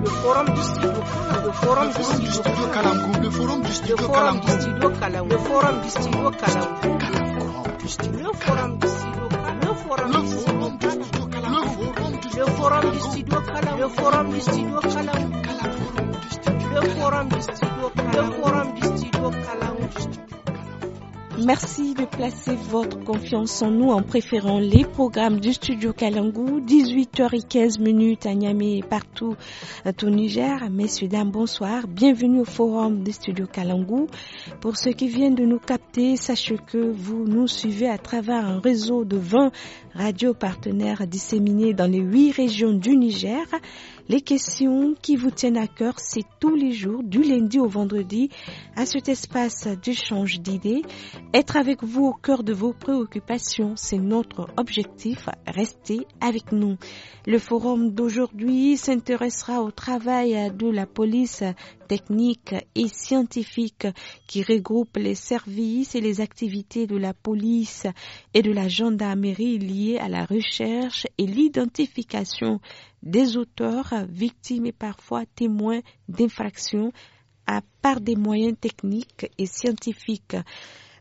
le forum du studio le forum du studio kalam le forum du studio kalam le forum du forum Calamou le forum du studio le forum du studio le forum du studio le forum du studio le forum du studio le forum du Merci de placer votre confiance en nous en préférant les programmes du studio Kalangou, 18h15 minutes à Niamey et partout au euh, Niger. Messieurs, dames, bonsoir. Bienvenue au forum du studio Kalangou. Pour ceux qui viennent de nous capter, sachez que vous nous suivez à travers un réseau de 20 radios partenaires disséminés dans les 8 régions du Niger. Les questions qui vous tiennent à cœur, c'est tous les jours, du lundi au vendredi, à cet espace d'échange d'idées. Être avec vous au cœur de vos préoccupations, c'est notre objectif. Restez avec nous. Le forum d'aujourd'hui s'intéressera au travail de la police techniques et scientifiques qui regroupent les services et les activités de la police et de la gendarmerie liées à la recherche et l'identification des auteurs, victimes et parfois témoins d'infractions à part des moyens techniques et scientifiques.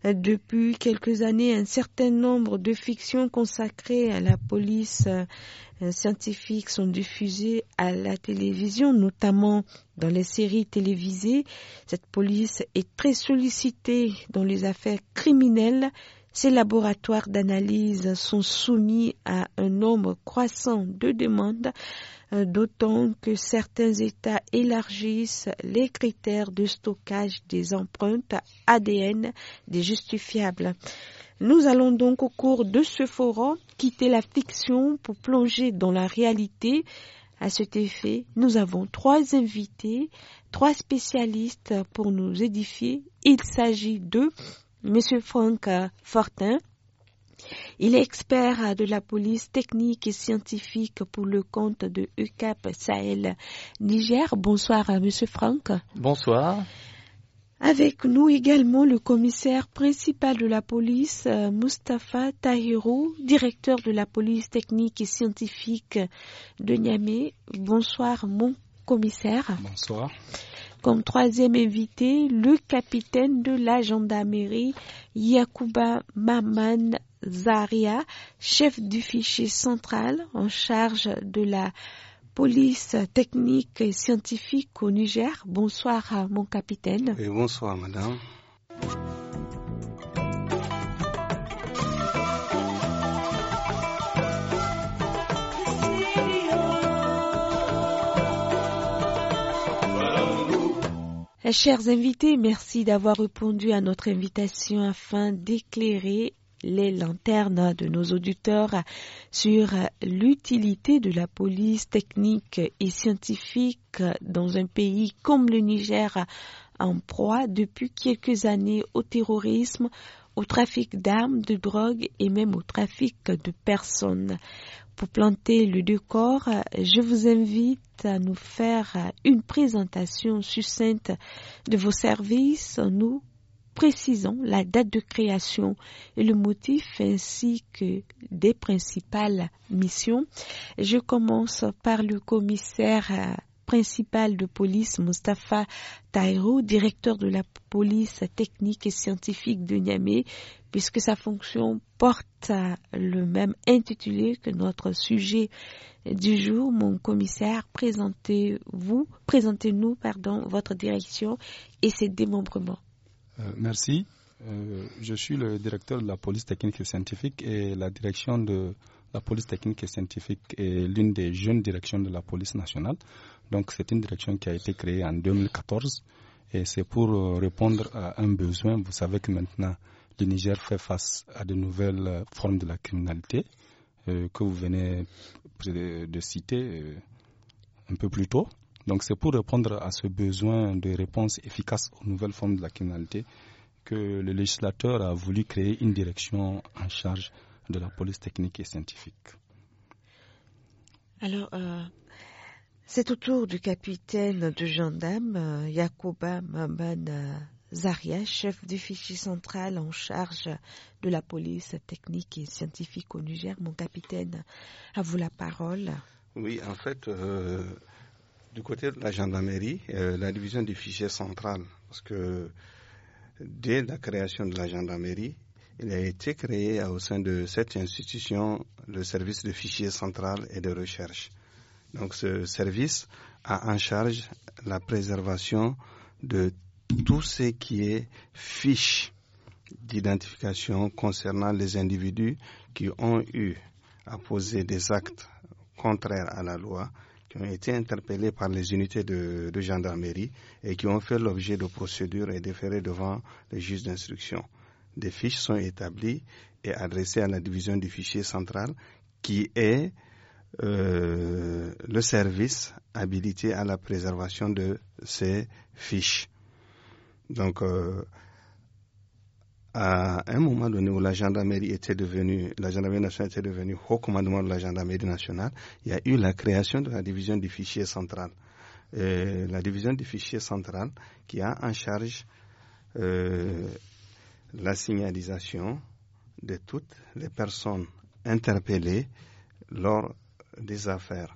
Euh, depuis quelques années un certain nombre de fictions consacrées à la police euh, scientifique sont diffusées à la télévision, notamment dans les séries télévisées. Cette police est très sollicitée dans les affaires criminelles ces laboratoires d'analyse sont soumis à un nombre croissant de demandes, euh, d'autant que certains États élargissent les critères de stockage des empreintes ADN des justifiables. Nous allons donc au cours de ce forum quitter la fiction pour plonger dans la réalité. À cet effet, nous avons trois invités, trois spécialistes pour nous édifier. Il s'agit de Monsieur Franck Fortin. Il est expert de la police technique et scientifique pour le compte de ECAP Sahel Niger. Bonsoir, Monsieur Franck. Bonsoir. Avec nous également le commissaire principal de la police, Mustapha Tahirou, directeur de la police technique et scientifique de Niamey. Bonsoir, mon commissaire. Bonsoir. Comme troisième invité, le capitaine de la gendarmerie, yakouba Maman Zaria, chef du fichier central en charge de la police technique et scientifique au Niger. Bonsoir, mon capitaine. Et bonsoir, madame. Eh, chers invités, merci d'avoir répondu à notre invitation afin d'éclairer les lanternes de nos auditeurs sur l'utilité de la police technique et scientifique dans un pays comme le Niger en proie depuis quelques années au terrorisme, au trafic d'armes, de drogue et même au trafic de personnes pour planter le décor, je vous invite à nous faire une présentation succincte de vos services. Nous précisons la date de création et le motif ainsi que des principales missions. Je commence par le commissaire principal de police, Mustafa Tairo, directeur de la police technique et scientifique de Niamey, puisque sa fonction porte le même intitulé que notre sujet du jour. Mon commissaire, présentez-vous, présentez-nous, votre direction et ses démembrements. Euh, merci. Euh, je suis le directeur de la police technique et scientifique et la direction de la police technique et scientifique est l'une des jeunes directions de la police nationale. Donc c'est une direction qui a été créée en 2014 et c'est pour euh, répondre à un besoin. Vous savez que maintenant le Niger fait face à de nouvelles euh, formes de la criminalité euh, que vous venez de citer euh, un peu plus tôt. Donc c'est pour répondre à ce besoin de réponse efficace aux nouvelles formes de la criminalité que le législateur a voulu créer une direction en charge de la police technique et scientifique. Alors, c'est au tour du capitaine du gendarme Yacouba Mabana Zaria, chef du fichier central en charge de la police technique et scientifique au Niger. Mon capitaine, à vous la parole. Oui, en fait, euh, du côté de la gendarmerie, euh, la division du fichier central, parce que dès la création de la gendarmerie, il a été créé au sein de cette institution le service de fichier central et de recherche. Donc ce service a en charge la préservation de tout ce qui est fiche d'identification concernant les individus qui ont eu à poser des actes contraires à la loi, qui ont été interpellés par les unités de, gendarmerie et qui ont fait l'objet de procédures et déférés devant les juges d'instruction. Des fiches sont établies et adressées à la division du fichier central qui est euh, le service habilité à la préservation de ces fiches. Donc, euh, à un moment donné où la gendarmerie était devenue, la gendarmerie nationale était devenue haut commandement de la gendarmerie nationale, il y a eu la création de la division du fichier central. la division du fichier central qui a en charge euh, la signalisation de toutes les personnes interpellées lors des affaires.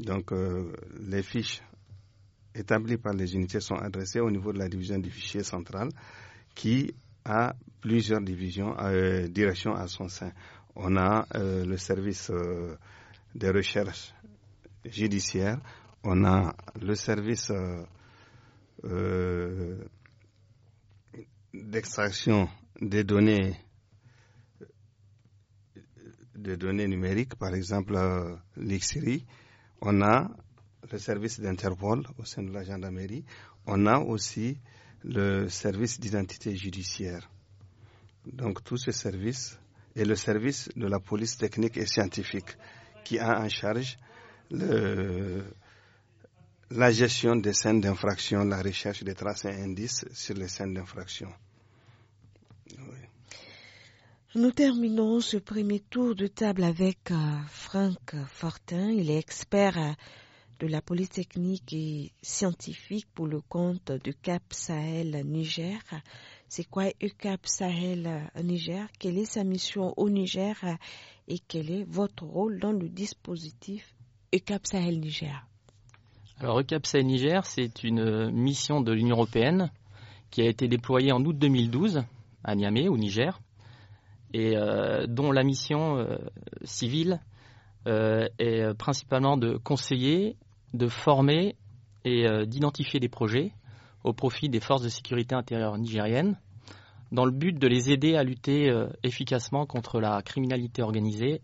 Donc, euh, les fiches établis par les unités sont adressés au niveau de la division du fichier central qui a plusieurs divisions, euh, directions à son sein. On a euh, le service euh, des recherches judiciaires, on a le service euh, d'extraction des données des données numériques, par exemple l'XRI, on a le service d'Interpol au sein de la gendarmerie. On a aussi le service d'identité judiciaire. Donc tous ces services et le service de la police technique et scientifique qui a en charge la gestion des scènes d'infraction, la recherche des traces et indices sur les scènes d'infraction. Nous terminons ce premier tour de table avec euh, Franck Fortin. Il est expert euh, de la Polytechnique et scientifique pour le compte du Cap Sahel Niger. C'est quoi le Cap Sahel Niger Quelle est sa mission au Niger et quel est votre rôle dans le dispositif ECAP Sahel Niger Alors ECAP Sahel Niger, c'est une mission de l'Union européenne qui a été déployée en août 2012 à Niamey, au Niger, et euh, dont la mission euh, civile euh, est principalement de conseiller de former et euh, d'identifier des projets au profit des forces de sécurité intérieure nigériennes dans le but de les aider à lutter euh, efficacement contre la criminalité organisée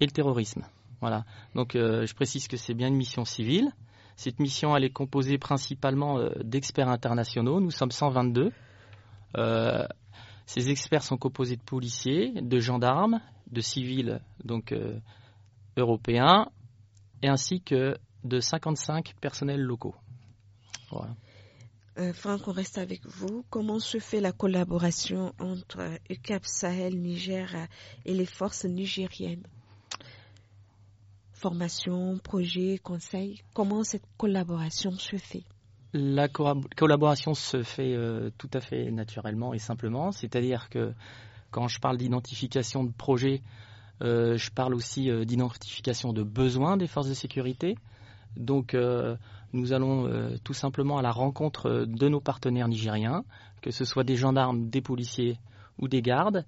et le terrorisme. Voilà. Donc euh, je précise que c'est bien une mission civile. Cette mission, elle est composée principalement d'experts internationaux. Nous sommes 122. ces experts sont composés de policiers, de gendarmes, de civils donc européens, et ainsi que de 55 personnels locaux. Euh, Franck, on reste avec vous. Comment se fait la collaboration entre UCAP Sahel Niger euh, et les forces nigériennes Formation, projet, conseil, comment cette collaboration se fait La collaboration se fait euh, tout à fait naturellement et simplement, c'est-à-dire que quand je parle d'identification de projet, je parle aussi d'identification de besoins des forces de sécurité. Donc euh, nous allons euh, tout simplement à la rencontre euh, de nos partenaires nigériens, que ce soit des gendarmes, des policiers ou des gardes,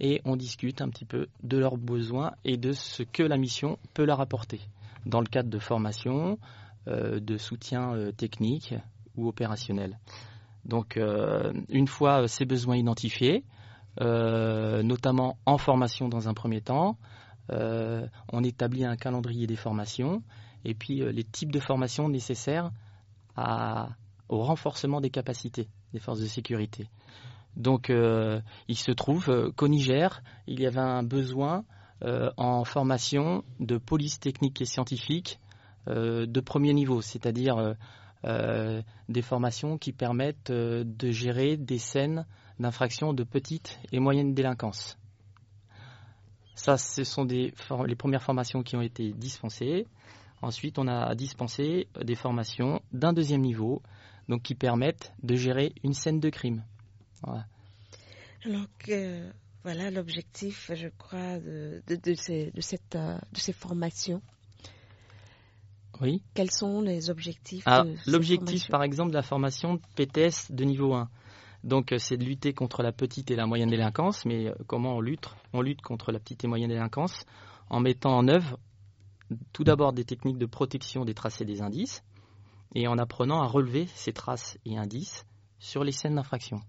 et on discute un petit peu de leurs besoins et de ce que la mission peut leur apporter dans le cadre de formation, de soutien technique ou opérationnel. Donc une fois ces besoins identifiés, notamment en formation dans un premier temps, on établit un calendrier des formations et puis euh, les types de formations nécessaires au renforcement des capacités des forces de sécurité. Donc euh, il se trouve euh, qu'au Niger, il y avait un besoin en formation de police technique et scientifique de premier niveau, c'est-à-dire des formations qui permettent de gérer des scènes d'infraction de petite et moyenne délinquance. Ça, ce sont les premières formations qui ont été dispensées. Ensuite, on a dispensé des formations d'un deuxième niveau, donc qui permettent de gérer une scène de crime. Voilà. voilà l'objectif, je crois, de, de, ces, cette, euh, de ces formations. Oui. Quels sont les objectifs ah, L'objectif, par exemple, de la formation PTS de niveau 1. Donc, euh, c'est de lutter contre la petite et la moyenne délinquance. Mais euh, comment on lutte On lutte contre la petite et moyenne délinquance en mettant en œuvre tout d'abord des techniques de protection des tracés des indices et en apprenant à relever ces traces et indices sur les scènes d'infraction.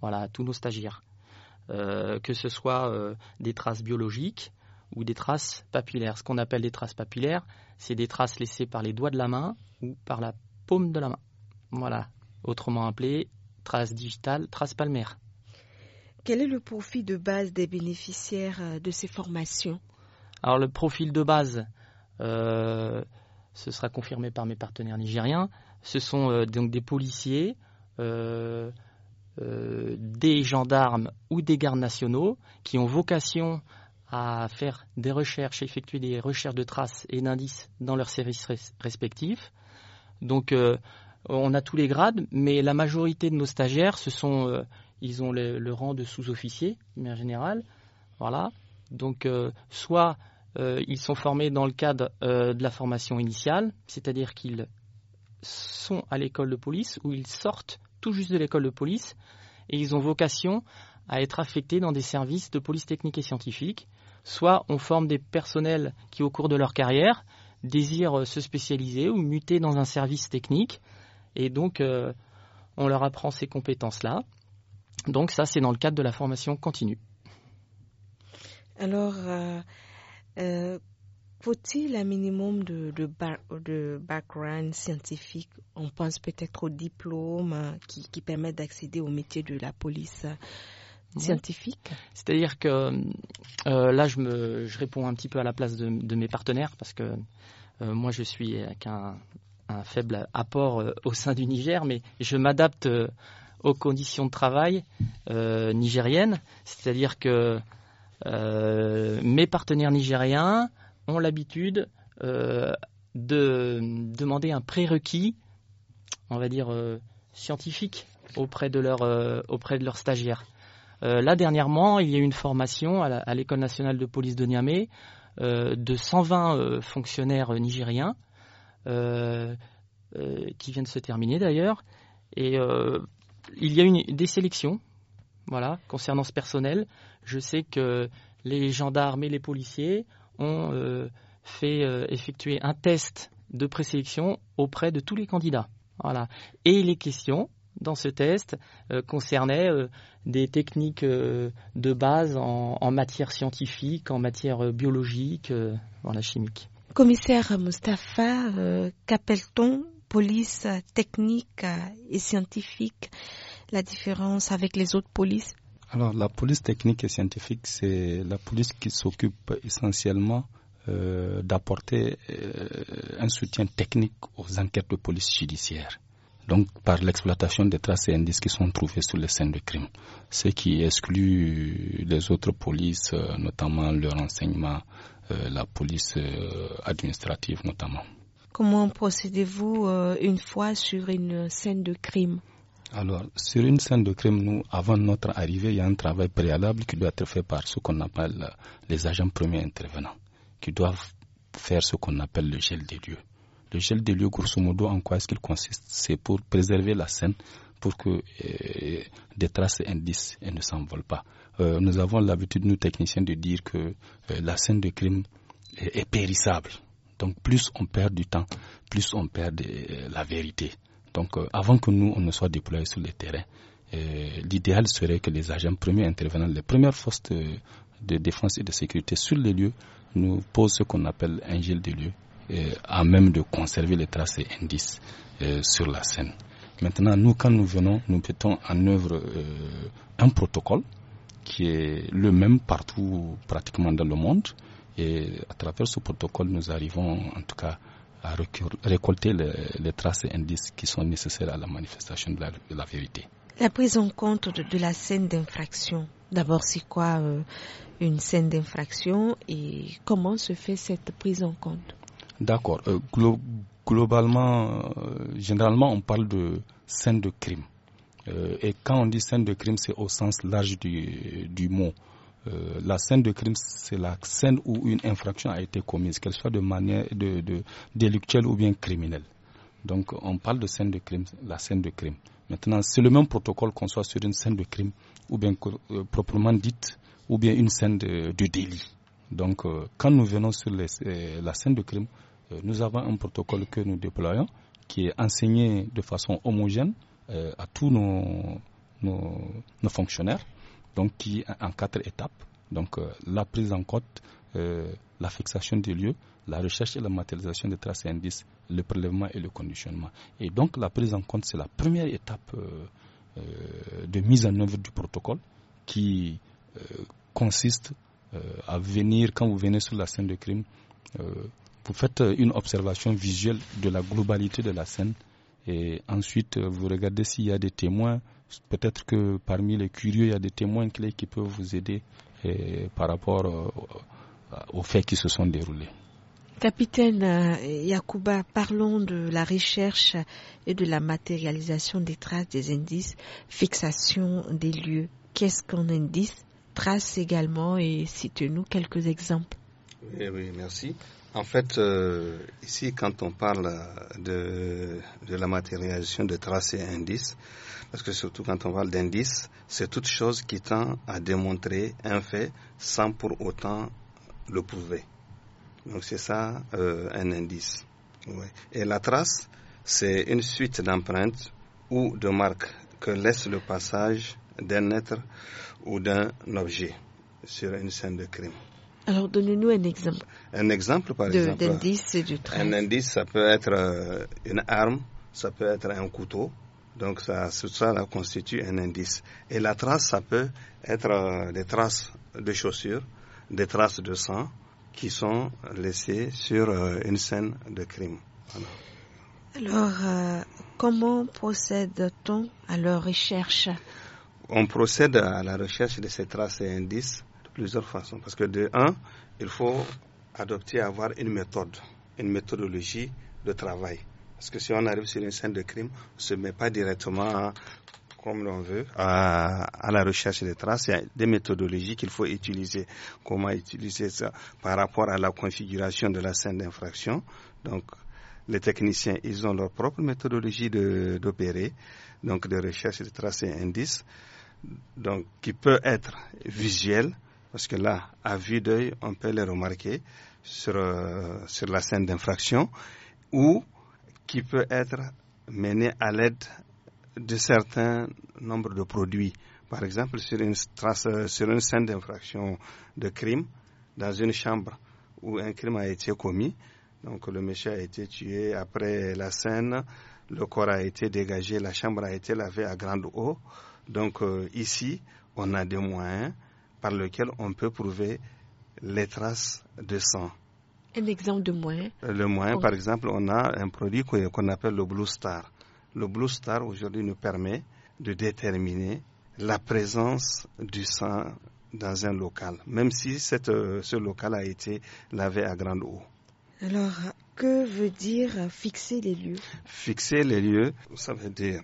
Voilà, tous nos stagiaires. Euh, que ce soit euh, des traces biologiques ou des traces papillaires. Ce qu'on appelle des traces papillaires, c'est des traces laissées par les doigts de la main ou par la paume de la main. Voilà, autrement appelé traces digitales, traces palmaires. Quel est le profil de base des bénéficiaires euh, de ces formations Alors le profil de base, euh, ce sera confirmé par mes partenaires nigériens, ce sont euh, donc des policiers, euh, des gendarmes ou des gardes nationaux qui ont vocation à faire des recherches, effectuer des recherches de traces et d'indices dans leurs services respectifs. Donc on a tous les grades, mais la majorité de nos stagiaires, ce sont, ils ont le, rang de sous-officier, mais en général. Voilà. Donc soit euh, ils sont formés dans le cadre euh, de la formation initiale, c'est-à-dire qu'ils sont à l'école de police ou ils sortent tout juste de l'école de police et ils ont vocation à être affectés dans des services de police technique et scientifique. Soit on forme des personnels qui, au cours de leur carrière, désirent euh, se spécialiser ou muter dans un service technique, et donc on leur apprend ces compétences-là. Donc ça, c'est dans le cadre de la formation continue. Alors, euh, faut-il un minimum de, de, background scientifique On pense peut-être au diplôme hein, qui, qui permettent d'accéder au métier de la police euh, scientifique C'est-à-dire que euh, là, je, me, je réponds un petit peu à la place de, mes partenaires parce que moi, je suis avec un faible apport au sein du Niger, mais je m'adapte aux conditions de travail nigériennes. C'est-à-dire que euh, mes partenaires nigériens ont l'habitude euh, de demander un prérequis, on va dire euh, scientifique, auprès de leurs auprès de leurs stagiaires. là, dernièrement, il y a eu une formation à l'École nationale de police de Niamey de 120 fonctionnaires nigériens qui viennent de se terminer d'ailleurs. Et il y a eu des sélections voilà, concernant ce personnel. Je sais que les gendarmes et les policiers ont euh, fait euh, effectuer un test de présélection auprès de tous les candidats. Et les questions dans ce test euh, concernaient des techniques de base en, matière scientifique, en matière biologique, la chimique. Commissaire Mustapha, qu'appelle-t-on police technique et scientifique La différence avec les autres polices alors la police technique et scientifique, c'est la police qui s'occupe essentiellement euh, d'apporter euh, un soutien technique aux enquêtes de police judiciaire. Donc par l'exploitation des traces et indices qui sont trouvés sur les scènes de crime, ce qui exclut euh, les autres polices, notamment le renseignement, la police administrative notamment. Comment procédez-vous une fois sur une scène de crime alors, sur une scène de crime, nous, avant notre arrivée, il y a un travail préalable qui doit être fait par ce qu'on appelle euh, les agents premiers intervenants, qui doivent faire ce qu'on appelle le gel des lieux. Le gel des lieux, grosso modo, en quoi est-ce qu'il consiste C'est pour préserver la scène, pour que euh, des traces et indices ne s'envolent pas. Euh, nous avons l'habitude, nous techniciens, de dire que la scène de crime est, périssable. Donc plus on perd du temps, plus on perd la vérité. Donc euh, avant que nous, on ne soit déployés sur le terrain, euh, l'idéal serait que les agents premiers intervenants, les premières forces de, défense et de sécurité sur les lieux nous posent ce qu'on appelle un gel de lieu, euh, à même de conserver les traces et indices sur la scène. Maintenant, nous, quand nous venons, nous mettons en œuvre un protocole qui est le même partout pratiquement dans le monde. Et à travers ce protocole, nous arrivons en tout cas récolter les, traces et indices qui sont nécessaires à la manifestation de la, vérité. La prise en compte de, la scène d'infraction, d'abord c'est quoi euh, une scène d'infraction et comment se fait cette prise en compte D'accord. Euh, globalement, euh, généralement on parle de scène de crime. et quand on dit scène de crime, c'est au sens large du mot. Euh, la scène de crime, c'est la scène où une infraction a été commise, qu'elle soit de manière de, délictuelle ou bien criminelle. Donc on parle de scène de crime, la scène de crime. Maintenant, c'est le même protocole qu'on soit sur une scène de crime ou bien euh, proprement dite ou bien une scène de, délit. Donc euh, quand nous venons sur la scène de crime, nous avons un protocole que nous déployons qui est enseigné de façon homogène à tous nos fonctionnaires donc qui en quatre étapes. Donc euh, la prise en compte, euh, la fixation des lieux, la recherche et la matérialisation des traces et indices, le prélèvement et le conditionnement. Et donc la prise en compte, c'est la première étape euh, de mise en œuvre du protocole qui consiste à venir, quand vous venez sur la scène de crime, vous faites une observation visuelle de la globalité de la scène et ensuite vous regardez s'il y a des témoins, Peut-être que parmi les curieux, il y a des témoins clés qui peuvent vous aider eh, par rapport euh, aux faits qui se sont déroulés. Capitaine euh, Yakuba, parlons de la recherche et de la matérialisation des traces des indices, fixation des lieux. Qu'est-ce qu'un indice Trace également et citez-nous quelques exemples. Oui, eh oui, merci. En fait, euh, ici, quand on parle de, de la matérialisation de traces et indices, parce que surtout quand on parle d'indice, c'est toute chose qui tend à démontrer un fait sans pour autant le prouver. Donc c'est ça euh, un indice. Et la trace, c'est une suite d'empreintes ou de marques que laisse le passage d'un être ou d'un objet sur une scène de crime. Alors, donnez-nous un exemple. Un exemple, par exemple. et de trace. Un indice, ça peut être euh, une arme, ça peut être un couteau, donc ça, ça constitue un indice. Et la trace, ça peut être euh, des traces de chaussures, des traces de sang qui sont laissées sur euh, une scène de crime. Alors, euh, comment procède-t-on à leur recherche On procède à la recherche de ces traces et indices de plusieurs façons. Parce que de un, il faut adopter avoir une méthode, une méthodologie de travail. Parce que si on arrive sur une scène de crime, on ne se met pas directement, comme l'on veut, à, la recherche des traces. Il y a des méthodologies qu'il faut utiliser. Comment utiliser ça par rapport à la configuration de la scène d'infraction. Donc, les techniciens, ils ont leur propre méthodologie d'opérer, donc de recherche de traces et indices, donc qui peut être visuel, parce que là, à vue d'œil, on peut les remarquer sur, euh, sur la scène d'infraction, ou qui peut être mené à l'aide de certains nombres de produits. Par exemple, sur une, trace, euh, sur une scène d'infraction de crime, dans une chambre où un crime a été commis, donc le monsieur a été tué après la scène, le corps a été dégagé, la chambre a été lavée à grande eau. Donc euh, ici, on a des moyens par lesquels on peut prouver les traces de sang un exemple de moyen euh, Le moyen, par exemple, on a un produit qu'on appelle le Blue Star. Le Blue Star aujourd'hui nous permet de déterminer la présence du sang dans un local, même si euh, ce local a été lavé à grande eau. Alors, que veut dire fixer les lieux Fixer les lieux, ça veut dire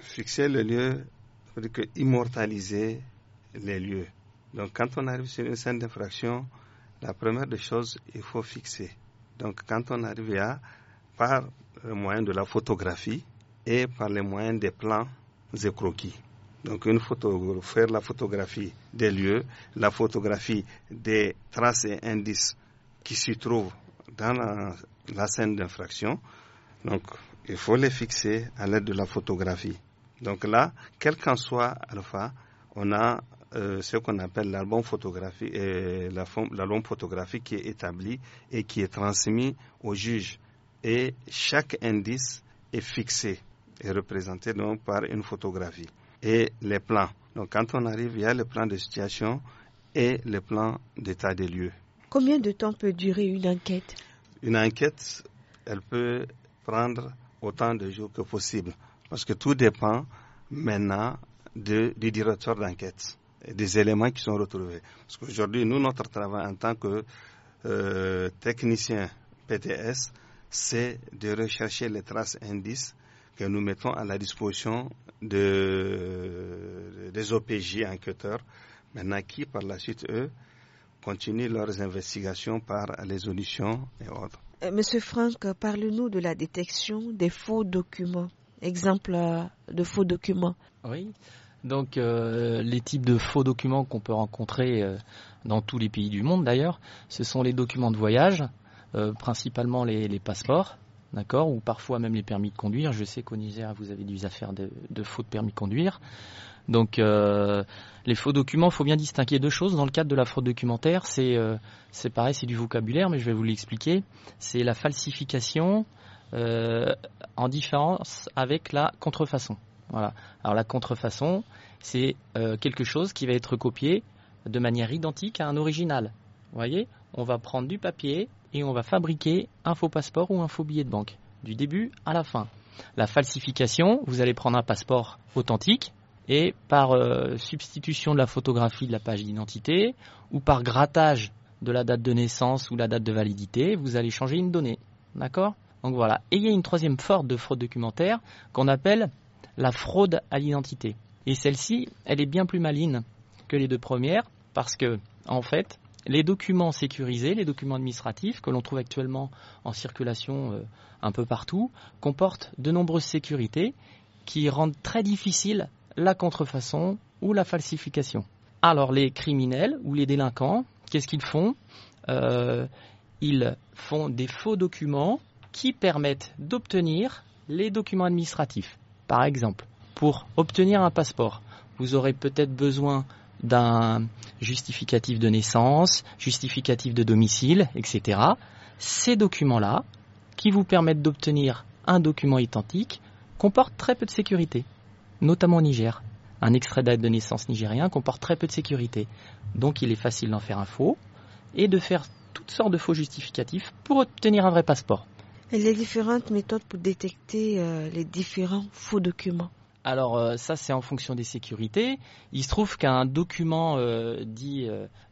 fixer les lieux, ça veut dire immortaliser les lieux. Donc, quand on arrive sur une scène d'infraction, la première des choses, il faut fixer. Donc quand on arrive à, par le moyen de la photographie et par les moyens des plans et croquis. Donc une photo, faire la photographie des lieux, la photographie des traces et indices qui s'y trouvent dans la, la scène d'infraction. Donc il faut les fixer à l'aide de la photographie. Donc là, quel qu'en soit Alpha, on a euh, ce qu'on appelle l'album photographique, euh, la l'album photographique qui est établi et qui est transmis au juge. Et chaque indice est fixé et représenté donc par une photographie et les plans. Donc quand on arrive, il y a le plan de situation et le plan d'état des lieux. Combien de temps peut durer une enquête Une enquête, elle peut prendre autant de jours que possible parce que tout dépend maintenant du directeur d'enquête des éléments qui sont retrouvés. Parce qu'aujourd'hui, nous, notre travail en tant que euh, technicien PTS, c'est de rechercher les traces indices que nous mettons à la disposition des OPJ enquêteurs, maintenant qui, par la suite, eux, continuent leurs investigations par les auditions et autres. Euh, Monsieur Franck, parle-nous de la détection des faux documents. Exemple euh, de faux documents. Oui. Donc euh, les types de faux documents qu'on peut rencontrer euh, dans tous les pays du monde d'ailleurs, ce sont les documents de voyage, euh, principalement les, passeports, d'accord, ou parfois même les permis de conduire. Je sais qu'au Niger, vous avez des affaires de, faux permis de conduire. Donc les faux documents, il faut bien distinguer deux choses. Dans le cadre de la fraude documentaire, c'est pareil, c'est du vocabulaire, mais je vais vous l'expliquer. C'est la falsification en différence avec la contrefaçon. Voilà. Alors la contrefaçon, c'est euh, quelque chose qui va être copié de manière identique à un original. Vous voyez, on va prendre du papier et on va fabriquer un faux passeport ou un faux billet de banque, du début à la fin. La falsification, vous allez prendre un passeport authentique et par euh, substitution de la photographie de la page d'identité ou par grattage de la date de naissance ou la date de validité, vous allez changer une donnée. D'accord Donc voilà. Et il y a une troisième forme de fraude documentaire qu'on appelle la fraude à l'identité. Et celle-ci, elle est bien plus maligne que les deux premières parce que, en fait, les documents sécurisés, les documents administratifs que l'on trouve actuellement en circulation euh, un peu partout, comportent de nombreuses sécurités qui rendent très difficile la contrefaçon ou la falsification. Alors les criminels ou les délinquants, qu'est-ce qu'ils font euh, Ils font des faux documents qui permettent d'obtenir les documents administratifs. Par exemple, pour obtenir un passeport, vous aurez peut-être besoin d'un justificatif de naissance, justificatif de domicile, etc. Ces documents-là, qui vous permettent d'obtenir un document identique, comportent très peu de sécurité, notamment au Niger. Un extrait d'aide de naissance nigérien comporte très peu de sécurité. Donc il est facile d'en faire un faux et de faire toutes sortes de faux justificatifs pour obtenir un vrai passeport. Les différentes méthodes pour détecter euh, les différents faux documents. Alors euh, ça, c'est en fonction des sécurités. Il se trouve qu'un document euh, dit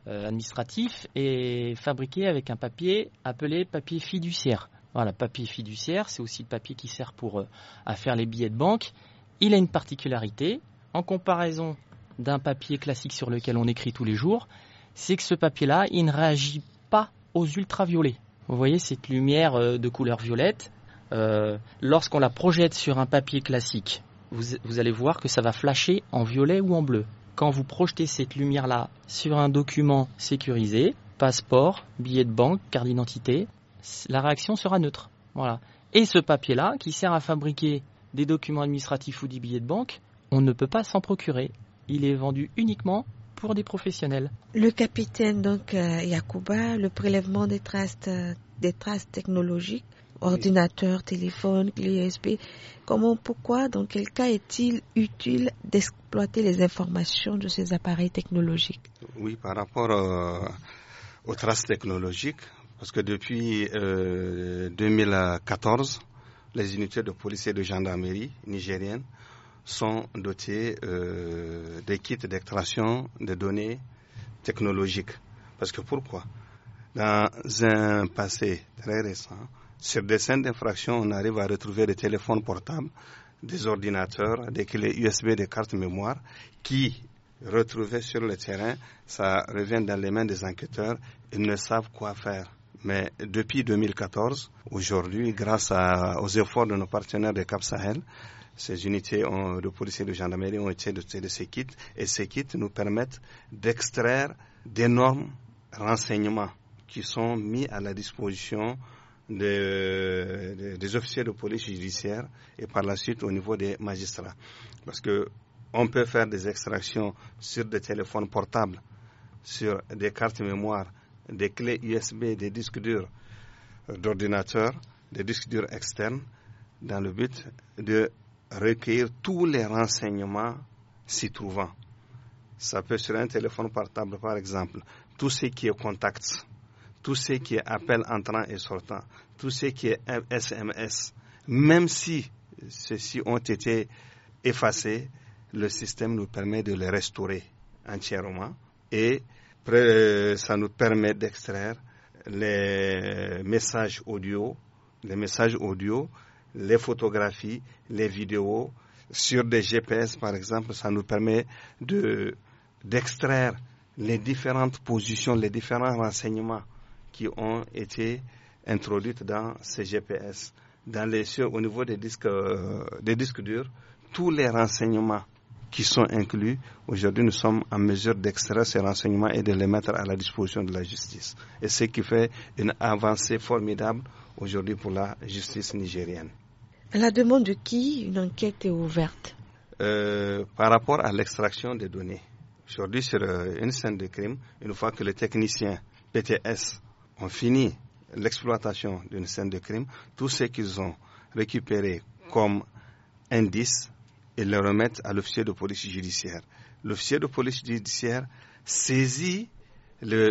administratif est fabriqué avec un papier appelé papier fiduciaire. Voilà, papier fiduciaire, c'est aussi le papier qui sert pour à faire les billets de banque. Il a une particularité en comparaison d'un papier classique sur lequel on écrit tous les jours, c'est que ce papier-là, il ne réagit pas aux ultraviolets. Vous voyez cette lumière euh, de couleur violette, euh, lorsqu'on la projette sur un papier classique, vous, vous, allez voir que ça va flasher en violet ou en bleu. Quand vous projetez cette lumière-là sur un document sécurisé, passeport, billet de banque, carte d'identité, la réaction sera neutre. Voilà. Et ce papier-là, qui sert à fabriquer des documents administratifs ou des billets de banque, on ne peut pas s'en procurer. Il est vendu uniquement pour des professionnels. Le capitaine donc euh, Yakuba, le prélèvement des traces, euh, des traces technologiques, ordinateur, téléphone, clé USB, comment, pourquoi, dans quel cas est-il utile d'exploiter les informations de ces appareils technologiques Oui, par rapport euh, aux traces technologiques, parce que depuis 2014, les unités de police et de gendarmerie nigériennes sont dotés euh, des kits d'extraction de données technologiques. Parce que pourquoi Dans un passé très récent, sur des scènes d'infraction, on arrive à retrouver des téléphones portables, des ordinateurs, des clés USB, des cartes mémoire qui, retrouvés sur le terrain, ça revient dans les mains des enquêteurs. Ils ne savent quoi faire. Mais depuis 2014, aujourd'hui, grâce aux efforts de nos partenaires de Cap Sahel, ces unités de policiers de gendarmerie ont été dotées de ces kits et ces kits nous permettent d'extraire d'énormes renseignements qui sont mis à la disposition des, officiers de police judiciaire et par la suite au niveau des magistrats. Parce que on peut faire des extractions sur des téléphones portables, sur des cartes mémoire, des clés USB, des disques durs d'ordinateur des disques durs externes, dans le but de recueillir tous les renseignements s'y trouvant. Ça peut être sur un téléphone portable, par exemple, tout ce qui est contact, tout ce qui est appel entrant et sortant, tout ce qui est SMS, même si ceux-ci ont été effacés, le système nous permet de les restaurer entièrement et ça nous permet d'extraire les messages audio, les messages audio les photographies, les vidéos, sur des GPS par exemple, ça nous permet de d'extraire les différentes positions, les différents renseignements qui ont été introduits dans ces GPS. Dans les, sur, au niveau des disques, euh, des disques durs, tous les renseignements qui sont inclus, aujourd'hui nous sommes en mesure d'extraire ces renseignements et de les mettre à la disposition de la justice. Et ce qui fait une avancée formidable aujourd'hui pour la justice nigérienne. À la demande de qui une enquête est ouverte euh, Par rapport à l'extraction des données. Aujourd'hui, sur euh, une scène de crime, une fois que les techniciens PTS ont fini l'exploitation d'une scène de crime, tout ce qu'ils ont récupéré comme indice, ils le remettent à l'officier de police judiciaire. L'officier de police judiciaire saisit le,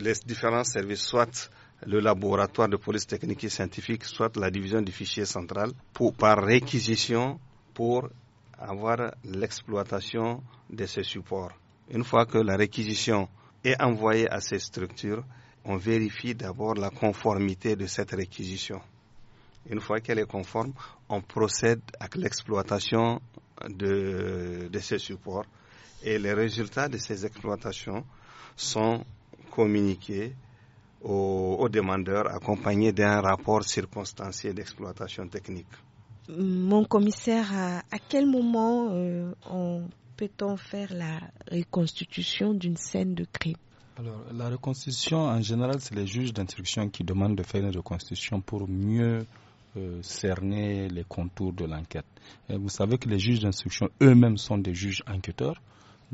les différents services, soit le laboratoire de police technique et scientifique, soit la division du fichier central, pour, par réquisition pour avoir l'exploitation de ces supports. Une fois que la réquisition est envoyée à ces structures, on vérifie d'abord la conformité de cette réquisition. Une fois qu'elle est conforme, on procède à l'exploitation de, de ces supports et les résultats de ces exploitations sont communiqués aux, demandeurs accompagné d'un rapport circonstancié d'exploitation technique. Mon commissaire, à, quel moment euh, peut-on faire la reconstitution d'une scène de crime Alors, la reconstitution, en général, c'est les juges d'instruction qui demandent de faire une reconstitution pour mieux euh, cerner les contours de l'enquête. Vous savez que les juges d'instruction eux-mêmes sont des juges enquêteurs.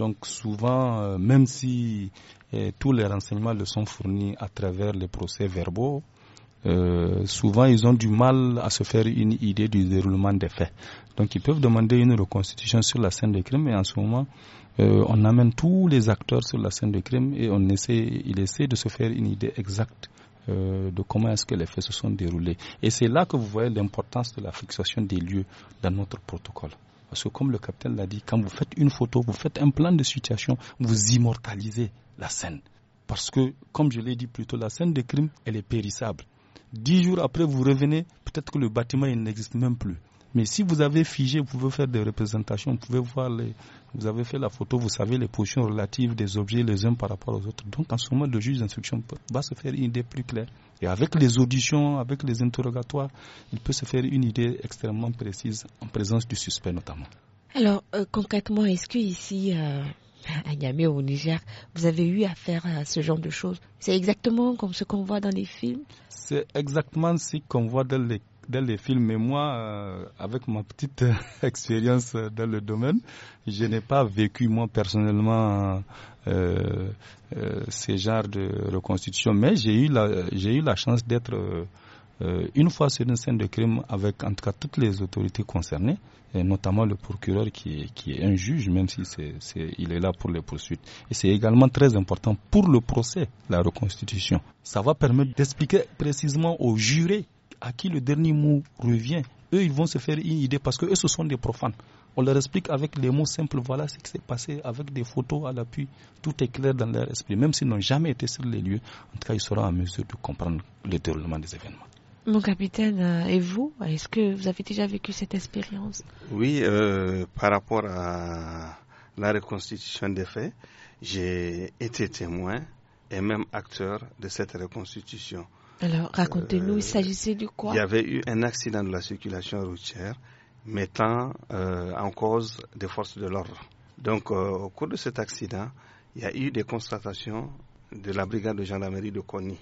Donc souvent, euh, même si euh, tous les renseignements le sont fournis à travers les procès verbaux, euh, souvent ils ont du mal à se faire une idée du déroulement des faits. Donc ils peuvent demander une reconstitution sur la scène de crime et en ce moment on amène tous les acteurs sur la scène de crime et on essaie, de se faire une idée exacte de comment est-ce que les faits se sont déroulés. Et c'est là que vous voyez l'importance de la fixation des lieux dans notre protocole. Parce que comme le capitaine l'a dit, quand vous faites une photo, vous faites un plan de situation, vous immortalisez la scène. Parce que, comme je l'ai dit plus tôt, la scène de crime, elle est périssable. Dix jours après, vous revenez, peut-être que le bâtiment n'existe même plus. Mais si vous avez figé, vous pouvez faire des représentations, vous pouvez voir les, vous avez fait la photo, vous savez les positions relatives des objets les uns par rapport aux autres. Donc en ce moment, le juge d'instruction va se faire une idée plus claire. Et avec les auditions, avec les interrogatoires, il peut se faire une idée extrêmement précise en présence du suspect notamment. Alors euh, concrètement, est-ce que ici euh, à Niamey ou au Niger, vous avez eu affaire à euh, ce genre de choses C'est exactement comme ce qu'on voit dans les films C'est exactement ce qu'on voit dans les dans les films, mais moi, euh, avec ma petite euh, expérience euh, dans le domaine, je n'ai pas vécu moi personnellement euh, ces genres de reconstitution, mais j'ai eu la j'ai eu la chance d'être une fois sur une scène de crime avec en tout cas toutes les autorités concernées, et notamment le procureur qui est, qui est un juge, même si c'est, c'est, il est là pour les poursuites. Et c'est également très important pour le procès, la reconstitution. Ça va permettre d'expliquer précisément aux jurés à qui le dernier mot revient, eux, ils vont se faire une idée parce que eux, ce sont des profanes. On leur explique avec des mots simples, voilà ce qui s'est passé, avec des photos à l'appui, tout est clair dans leur esprit. Même s'ils n'ont jamais été sur les lieux, en tout cas, ils seront en mesure de comprendre le déroulement des événements. Mon capitaine, euh, et vous, est-ce que vous avez déjà vécu cette expérience Oui, euh, par rapport à la reconstitution des faits, j'ai été témoin et même acteur de cette reconstitution. Alors, racontez-nous, il euh, s'agissait du quoi Il y avait eu un accident de la circulation routière mettant euh, en cause des forces de l'ordre. Donc, euh, au cours de cet accident, il y a eu des constatations de la brigade de gendarmerie de Conny.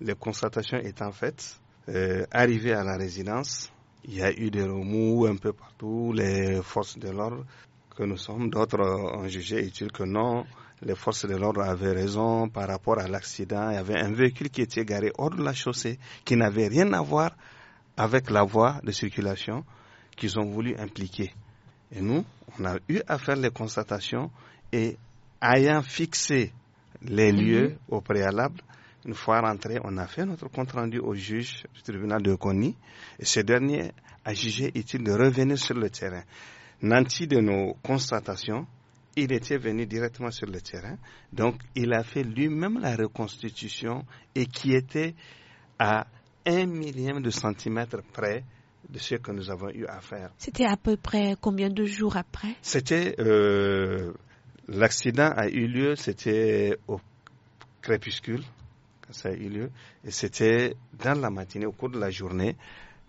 Les constatations étant faites, euh, arrivé à la résidence, il y a eu des remous un peu partout, les forces de l'ordre que nous sommes, d'autres ont jugé utile que non, les forces de l'ordre avaient raison par rapport à l'accident. Il y avait un véhicule qui était garé hors de la chaussée, qui n'avait rien à voir avec la voie de circulation qu'ils ont voulu impliquer. Et nous, on a eu à faire les constatations et ayant fixé les mhm. lieux au préalable, une fois rentré, on a fait notre compte rendu au juge du tribunal de Kony et ce dernier a jugé utile de revenir sur le terrain. Nanti de nos constatations, il était venu directement sur le terrain. Donc, il a fait lui-même la reconstitution et qui était à un millième de centimètre près de ce que nous avons eu à faire. C'était à peu près combien de jours après C'était. Euh, L'accident a eu lieu, c'était au crépuscule, ça a eu lieu, et c'était dans la matinée, au cours de la journée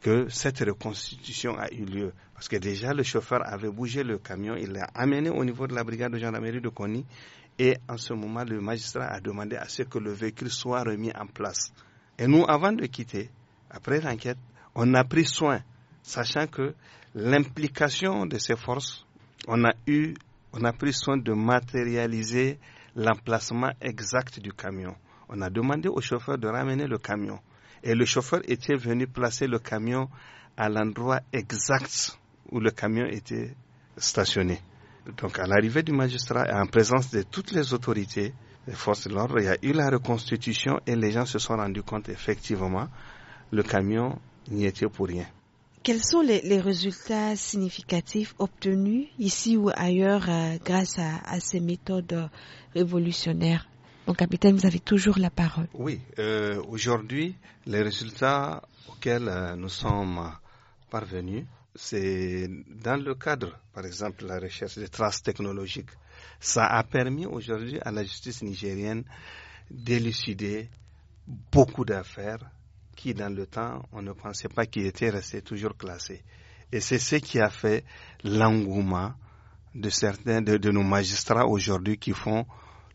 que cette reconstitution a eu lieu. Parce que déjà, le chauffeur avait bougé le camion, il l'a amené au niveau de la brigade de gendarmerie de Conny. Et en ce moment, le magistrat a demandé à ce que le véhicule soit remis en place. Et nous, avant de quitter, après l'enquête, on a pris soin, sachant que l'implication de ces forces, on a eu, on a pris soin de matérialiser l'emplacement exact du camion. On a demandé au chauffeur de ramener le camion. Et le chauffeur était venu placer le camion à l'endroit exact où le camion était stationné. Donc à l'arrivée du magistrat et en présence de toutes les autorités, les forces de l'ordre, il y a eu la reconstitution et les gens se sont rendus compte effectivement le camion n'y était pour rien. Quels sont les, résultats significatifs obtenus ici ou ailleurs euh, grâce à, ces méthodes révolutionnaires mon capitaine, vous avez toujours la parole. Oui, euh, aujourd'hui, les résultats auxquels euh, nous sommes parvenus, c'est dans le cadre, par exemple, de la recherche des traces technologiques. Ça a permis aujourd'hui à la justice nigérienne d'élucider beaucoup d'affaires qui, dans le temps, on ne pensait pas qu'ils étaient restés toujours classés. Et c'est ce qui a fait l'engouement de certains de nos magistrats aujourd'hui qui font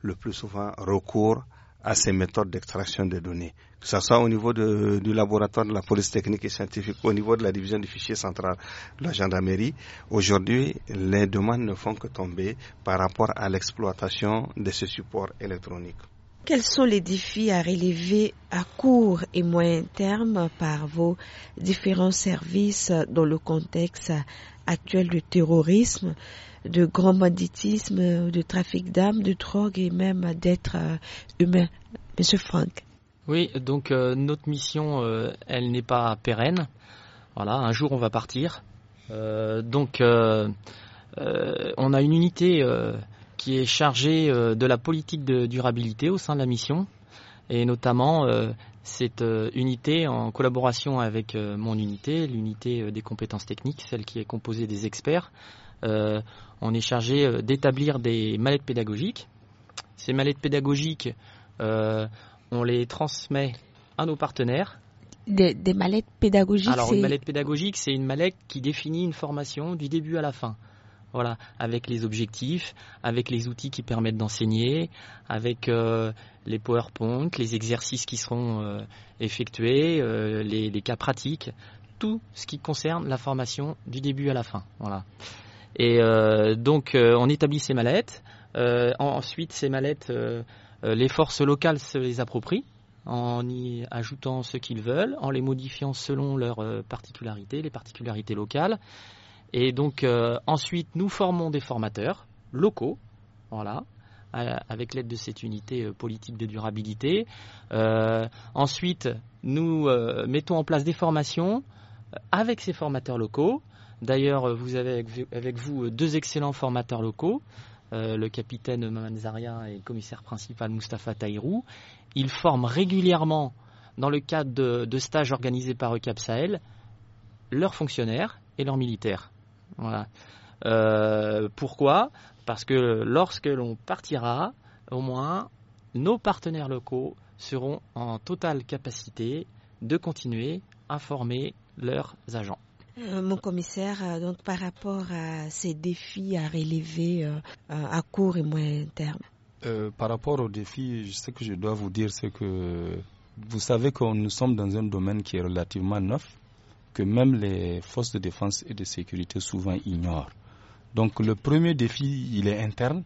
le plus souvent recours à ces méthodes d'extraction des données, que ce soit au niveau du laboratoire de la police technique et scientifique, au niveau de la division du fichier central de la gendarmerie. Aujourd'hui, les demandes ne font que tomber par rapport à l'exploitation de ce support électronique. Quels sont les défis à relever à court et moyen terme par vos différents services dans le contexte actuel du terrorisme de grand banditisme, euh, de trafic d'âmes, de drogue et même euh, d'êtres euh, humains. Monsieur Franck. Oui, donc notre mission, elle n'est pas pérenne. Voilà, un jour on va partir. donc on a une unité qui est chargée de la politique de durabilité au sein de la mission. Et notamment, cette unité, en collaboration avec mon unité, l'unité des compétences techniques, celle qui est composée des experts, euh, on est chargé euh, d'établir des mallettes pédagogiques. Ces mallettes pédagogiques, euh, on les transmet à nos partenaires. Des, mallettes pédagogiques Alors, une mallette pédagogique, c'est une mallette qui définit une formation du début à la fin. Voilà, avec les objectifs, avec les outils qui permettent d'enseigner, avec les PowerPoint, les exercices qui seront effectués, les, les, cas pratiques, tout ce qui concerne la formation du début à la fin. Voilà. Et euh, donc euh, on établit ces mallettes. Euh, ensuite, ces mallettes, les forces locales se les approprient en y ajoutant ce qu'ils veulent, en les modifiant selon leurs particularités, les particularités locales. Et donc ensuite, nous formons des formateurs locaux, voilà, avec l'aide de cette unité politique de durabilité. ensuite, nous mettons en place des formations avec ces formateurs locaux D'ailleurs, vous avez avec vous euh, deux excellents formateurs locaux, euh, le capitaine Zaria et le commissaire principal Mustapha Taïrou. Ils forment régulièrement, dans le cadre de, stages organisés par ECAP Sahel, leurs fonctionnaires et leurs militaires. Euh, pourquoi Parce que lorsque l'on partira, au moins, nos partenaires locaux seront en totale capacité de continuer à former leurs agents. Euh, mon commissaire, euh, donc par rapport à ces défis à relever euh, à court et moyen terme. par rapport aux défis, ce que je dois vous dire, c'est que vous savez que nous sommes dans un domaine qui est relativement neuf, que même les forces de défense et de sécurité souvent ignorent. Donc le premier défi, il est interne,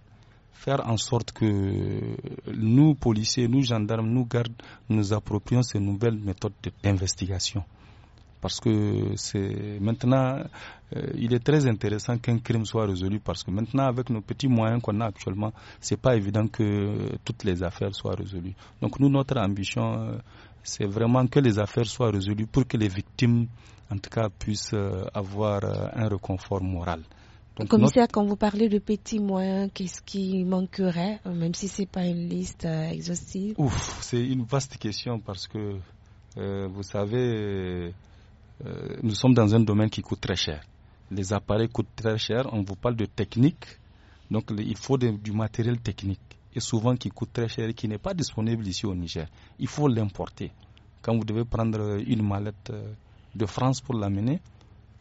faire en sorte que nous, policiers, nous, gendarmes, nous gardes, nous approprions ces nouvelles méthodes d'investigation parce que c'est maintenant, euh, il est très intéressant qu'un crime soit résolu parce que maintenant, avec nos petits moyens qu'on a actuellement, c'est pas évident que toutes les affaires soient résolues. Donc nous, notre ambition, euh, c'est vraiment que les affaires soient résolues pour que les victimes, en tout cas, puissent euh, avoir un reconfort moral. Donc Commissaire, quand vous parlez de petits moyens, qu'est-ce qui manquerait, même si ce n'est pas une liste exhaustive Ouf, c'est une vaste question parce que, vous savez, euh, nous sommes dans un domaine qui coûte très cher. Les appareils coûtent très cher. On vous parle de technique. Donc, il faut du matériel technique. Et souvent qui coûte très cher et qui n'est pas disponible ici au Niger. Il faut l'importer. Quand vous devez prendre une mallette euh, de France pour l'amener,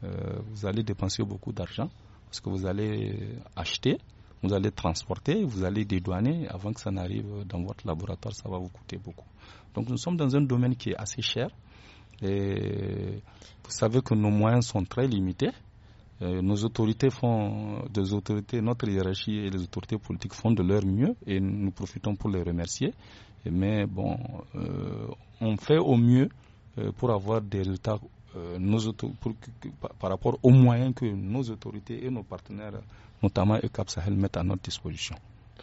euh, vous allez dépenser beaucoup d'argent. Parce que vous allez acheter, vous allez transporter, vous allez dédouaner. Avant que ça n'arrive dans votre laboratoire, ça va vous coûter beaucoup. Donc, nous sommes dans un domaine qui est assez cher. Et vous savez que nos moyens sont très limités. Euh, nos autorités font, des autorités, notre hiérarchie et les autorités politiques font de leur mieux et nous profitons pour les remercier. mais bon, euh, on fait au mieux euh, pour avoir des résultats par, par rapport aux moyens que nos autorités et nos partenaires, notamment ECAP Sahel, mettent à notre disposition.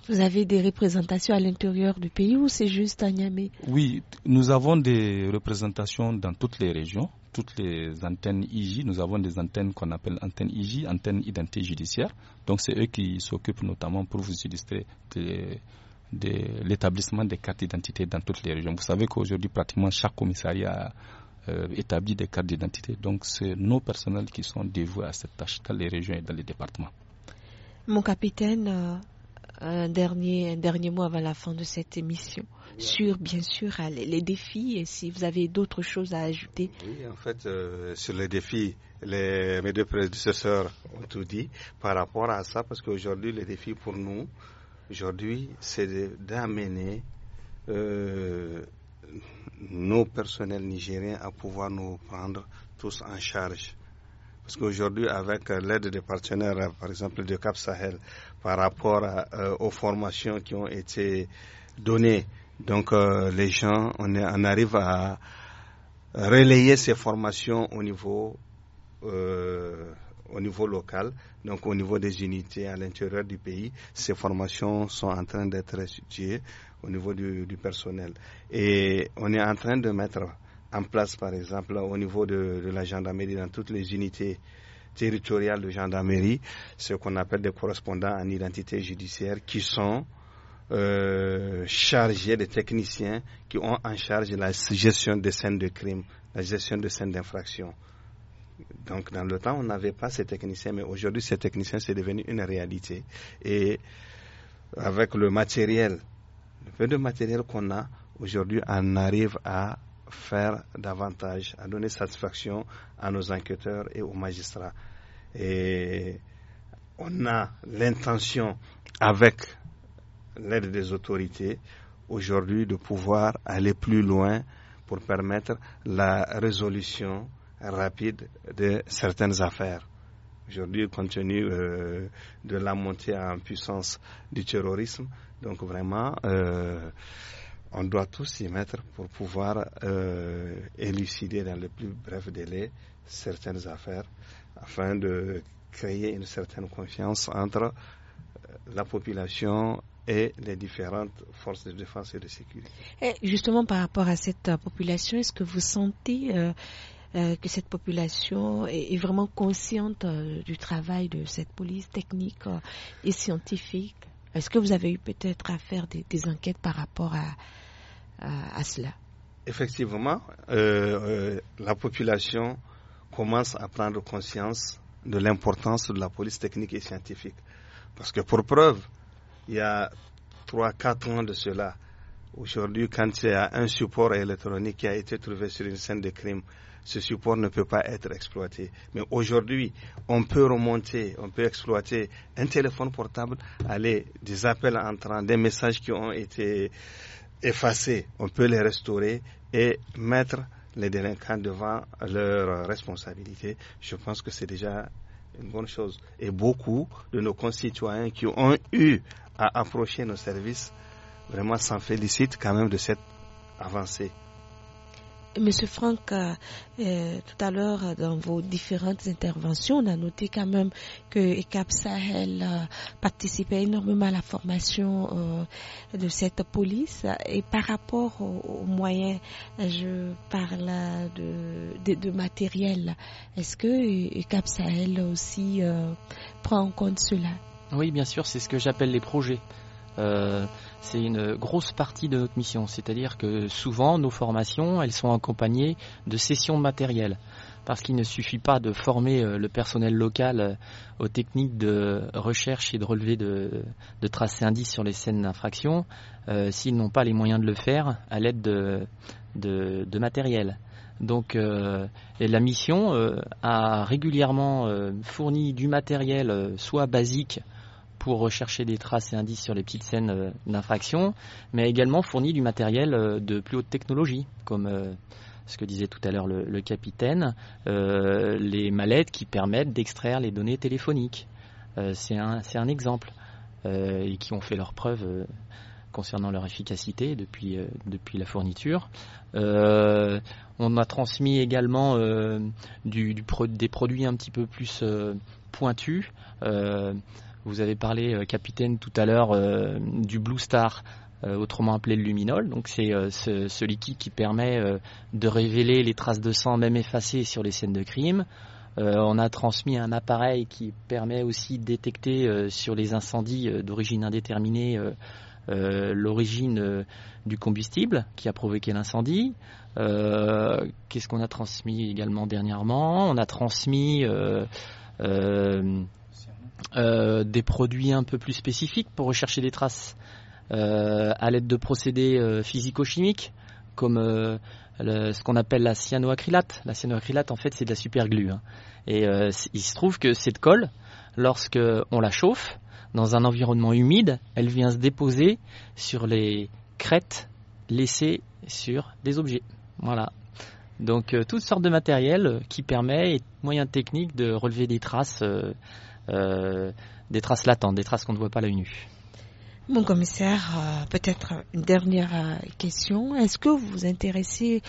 Vous avez des représentations à l'intérieur du pays ou c'est juste à Niamey Oui, nous avons des représentations dans toutes les régions, toutes les antennes IJ. Nous avons des antennes qu'on appelle antennes IJ, antennes identité judiciaire. Donc c'est eux qui s'occupent notamment pour vous illustrer de l'établissement des cartes d'identité dans toutes les régions. Vous savez qu'aujourd'hui, pratiquement chaque commissariat euh, établit des cartes d'identité. Donc, c'est nos personnels qui sont dévoués à cette tâche dans les régions et dans les départements. Mon capitaine, euh, un dernier, dernier mot avant la fin de cette émission sur, bien sûr, hein, les, défis et si vous avez d'autres choses à ajouter. Oui, en fait, euh, sur les défis, les, mes deux prédécesseurs ont tout dit par rapport à ça, parce qu'aujourd'hui, les défis pour nous, aujourd'hui, c'est d'amener euh, nos personnels nigériens à pouvoir nous prendre tous en charge. Parce qu'aujourd'hui, avec l'aide des partenaires, hein, par exemple de Cap Sahel, par rapport euh, aux formations qui ont été données. Donc euh, les gens, on, arrive à relayer ces formations euh, au niveau, local, donc au niveau des unités à l'intérieur du pays. Ces formations sont en train d'être étudiées au niveau du, personnel. Et on est en train de mettre en place, par exemple, au niveau de, de la gendarmerie, dans toutes les unités territorial de gendarmerie, ce qu'on appelle des correspondants en identité judiciaire, qui sont euh, chargés des techniciens qui ont en charge la gestion des scènes de crime, la gestion des scènes d'infraction. Donc, dans le temps, on n'avait pas ces techniciens, mais aujourd'hui, ces techniciens, c'est devenu une réalité. Et avec le matériel, le peu de matériel qu'on a, aujourd'hui, on arrive à faire davantage, à donner satisfaction à nos enquêteurs et aux magistrats. Et on a l'intention, avec l'aide des autorités, aujourd'hui de pouvoir aller plus loin pour permettre la résolution rapide de certaines affaires. Aujourd'hui, compte tenu euh, de la montée en puissance du terrorisme, donc vraiment, euh, on doit tous y mettre pour pouvoir euh, élucider dans le plus bref délai certaines affaires afin de créer une certaine confiance entre euh, la population et les différentes forces de défense et de sécurité. Et justement, par rapport à cette euh, population, est-ce que vous sentez que cette population est, vraiment consciente du travail de cette police technique et scientifique Est-ce que vous avez eu peut-être à faire des enquêtes par rapport à, à, cela. Effectivement, euh, euh, la population commence à prendre conscience de l'importance de la police technique et scientifique. Parce que pour preuve, il y a 3-4 ans de cela, aujourd'hui, quand il y a un support électronique qui a été trouvé sur une scène de crime, ce support ne peut pas être exploité. Mais aujourd'hui, on peut remonter, on peut exploiter un téléphone portable, aller des appels entrants, des messages qui ont été effacer, on peut les restaurer et mettre les délinquants devant leurs responsabilités. Je pense que c'est déjà une bonne chose. Et beaucoup de nos concitoyens qui ont eu à approcher nos services vraiment s'en félicitent quand même de cette avancée. Monsieur Franck, euh, euh, tout à l'heure, euh, dans vos différentes interventions, on a noté quand même que ECAP Sahel participait énormément à la formation de cette police. Et par rapport aux, moyens, je parle de, de matériel. Est-ce que ECAP Sahel aussi prend en compte cela Oui, bien sûr, c'est ce que j'appelle les projets. Euh, c'est une grosse partie de notre mission. C'est-à-dire que souvent, nos formations, elles sont accompagnées de sessions de matériel. Parce qu'il ne suffit pas de former euh, le personnel local euh, aux techniques de recherche et de relevé de, tracés indices sur les scènes d'infraction s'ils n'ont pas les moyens de le faire à l'aide de, matériel. Donc la mission a régulièrement fourni du matériel soit basique pour rechercher des traces et indices sur les petites scènes euh, d'infraction, mais également fourni du matériel euh, de plus haute technologie, comme euh, ce que disait tout à l'heure le, capitaine, les mallettes qui permettent d'extraire les données téléphoniques. c'est un, un, exemple, et qui ont fait leurs preuves concernant leur efficacité depuis, depuis la fourniture. on a transmis également du, des produits un petit peu plus pointus. Vous avez parlé, euh, capitaine, tout à l'heure euh, du Blue Star euh, autrement appelé le luminol. Donc c'est ce, liquide qui permet de révéler les traces de sang même effacées sur les scènes de crime. on a transmis un appareil qui permet aussi de détecter sur les incendies d'origine indéterminée l'origine du combustible qui a provoqué l'incendie. Qu'est-ce qu'on a transmis également dernièrement On a transmis euh, des produits un peu plus spécifiques pour rechercher des traces euh, à l'aide de procédés euh, physico-chimiques comme ce qu'on appelle la cyanoacrylate. La cyanoacrylate, en fait, c'est de la superglue. Hein. Et il se trouve que cette colle, lorsque on la chauffe dans un environnement humide, elle vient se déposer sur les crêtes laissées sur des objets. Voilà. Donc toutes sortes de matériel qui permet et moyens techniques de relever des traces euh, des traces latentes, des traces qu'on ne voit pas à l'œil Mon commissaire, euh, peut-être une dernière euh, question. Est-ce que vous vous intéressez,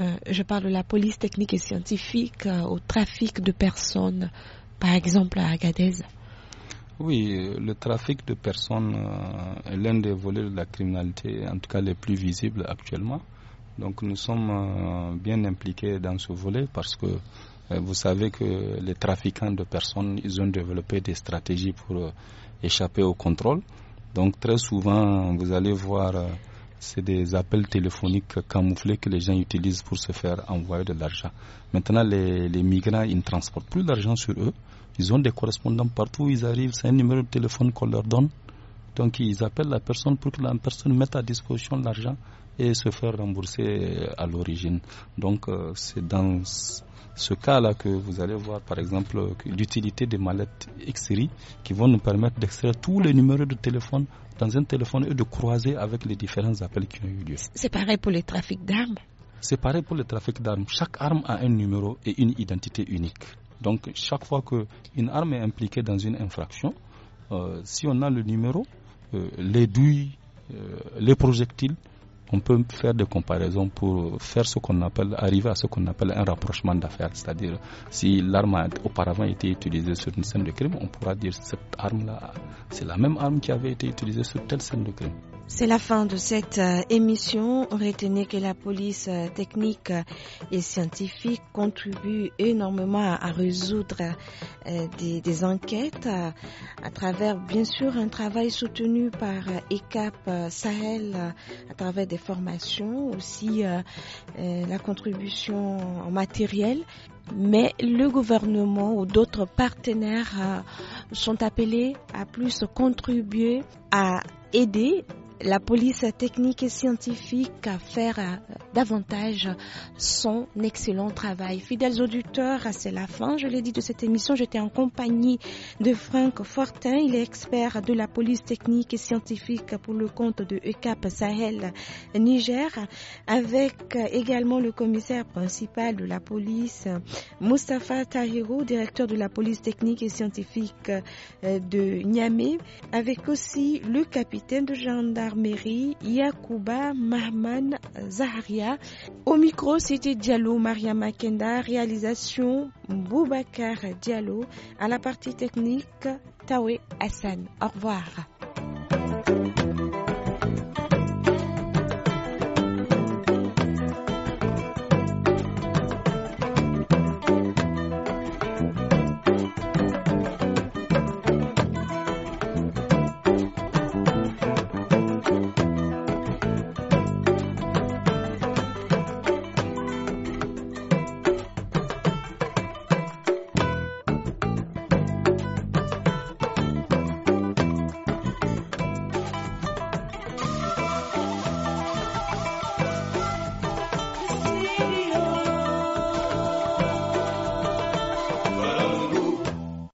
je parle de la police technique et scientifique, au trafic de personnes, par exemple à Agadez oui, le trafic de personnes est l'un des volets de la criminalité, en tout cas les plus visibles actuellement. Donc nous sommes bien impliqués dans ce volet parce que euh, vous savez que les trafiquants de personnes, ils ont développé des stratégies pour euh, échapper au contrôle. Donc très souvent, vous allez voir, euh, c'est des appels téléphoniques camouflés que les gens utilisent pour se faire envoyer de l'argent. Maintenant, les, migrants, ils ne transportent plus d'argent sur eux. Ils ont des correspondants partout où ils arrivent. C'est un numéro de téléphone qu'on leur donne. Donc ils appellent la personne pour que la personne mette à disposition l'argent et se faire rembourser à l'origine. Donc c'est dans ce cas-là que vous allez voir, par exemple, l'utilité des mallettes X-Series qui vont nous permettre d'extraire tous les numéros de téléphone dans un téléphone et de croiser avec les différents appels qui ont eu lieu. C'est pareil pour les trafics d'armes C'est pareil pour les trafics d'armes. Chaque arme a un numéro et une identité unique. Donc, chaque fois qu'une arme est impliquée dans une infraction, euh, si on a le numéro, euh, les douilles, euh, les projectiles, on peut faire des comparaisons pour faire ce qu'on appelle, arriver à ce qu'on appelle un rapprochement d'affaires. C'est-à-dire, si l'arme a auparavant été utilisée sur une scène de crime, on pourra dire cette arme-là, c'est la même arme qui avait été utilisée sur telle scène de crime. C'est la fin de cette euh, émission. Retenez que la police euh, technique euh, et scientifique contribue énormément à résoudre des, enquêtes à, travers, bien sûr, un travail soutenu par ECAP e Sahel à travers des formations, aussi la contribution en matériel mais le gouvernement ou d'autres partenaires sont appelés à plus contribuer à aider la police technique et scientifique à faire euh, davantage son excellent travail. Fidèles auditeurs, c'est la fin, je l'ai dit, de cette émission. J'étais en compagnie de Franck Fortin. Il est expert de la police technique et scientifique pour le compte de ECAP Sahel Niger, avec euh, également le commissaire principal de la police, Mustapha Tahirou, directeur de la police technique et scientifique euh, de Niamey, avec aussi le capitaine de gendarmerie Armeri, Yakuba Mahman Zaharia. Au micro, c'était Diallo Maria Makenda, réalisation Boubacar Diallo, à la partie technique Tawé Hassan. Au revoir.